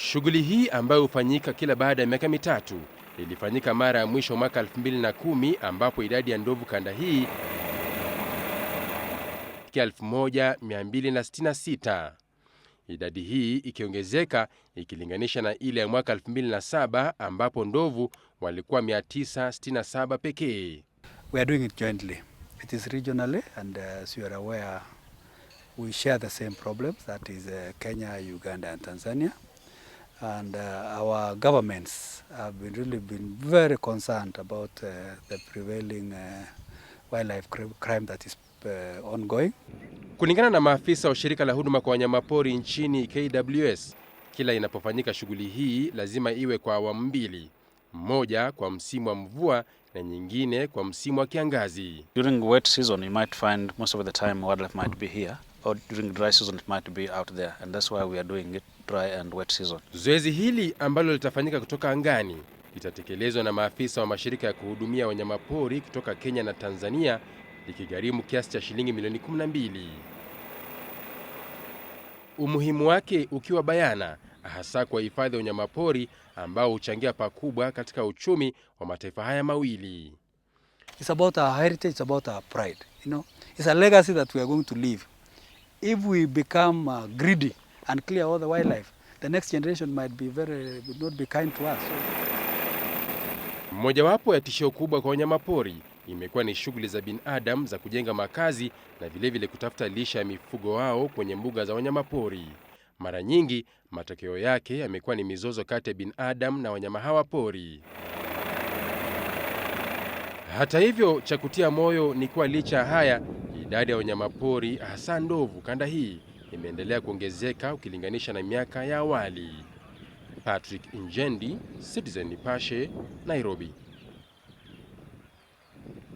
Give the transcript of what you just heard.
Shughuli hii ambayo hufanyika kila baada ya miaka mitatu ilifanyika mara ya mwisho mwaka 2010 ambapo idadi ya ndovu kanda hii 1266 idadi hii ikiongezeka ikilinganisha na ile ya mwaka 2007 ambapo ndovu walikuwa 967 pekee. We are doing it jointly. It is regionally and uh, as you are aware we share the same problems that is uh, Kenya, Uganda and Tanzania and uh, our governments have been really been very concerned about uh, the prevailing uh, wildlife crime that is uh, ongoing. Kulingana na maafisa wa shirika la huduma kwa wanyamapori nchini KWS, kila inapofanyika shughuli hii lazima iwe kwa awamu mbili, moja kwa msimu wa mvua na nyingine kwa msimu wa kiangazi. During wet season you might find most of the time wildlife might be here or during dry season it might be out there and that's why we are doing it dry and wet season. Zoezi hili ambalo litafanyika kutoka angani litatekelezwa na maafisa wa mashirika ya kuhudumia wanyamapori kutoka Kenya na Tanzania likigharimu kiasi cha shilingi milioni 12. Umuhimu wake ukiwa bayana hasa kwa hifadhi ya wanyamapori ambao huchangia pakubwa katika uchumi wa mataifa haya mawili. It's about our heritage, it's about our pride. You know, it's a legacy that we are going to leave if we become uh, greedy and clear all the wildlife, the next generation might be very, not be kind to us. Mmojawapo ya tishio kubwa kwa wanyamapori imekuwa ni shughuli za binadamu za kujenga makazi na vilevile kutafuta lisha ya mifugo wao kwenye mbuga za wanyamapori. Mara nyingi matokeo yake yamekuwa ni mizozo kati ya binadamu na wanyama hawa pori. Hata hivyo, cha kutia moyo ni kuwa licha haya Idadi ya wanyamapori hasa ndovu kanda hii imeendelea kuongezeka ukilinganisha na miaka ya awali. Patrick Njendi, Citizen Nipashe, Nairobi.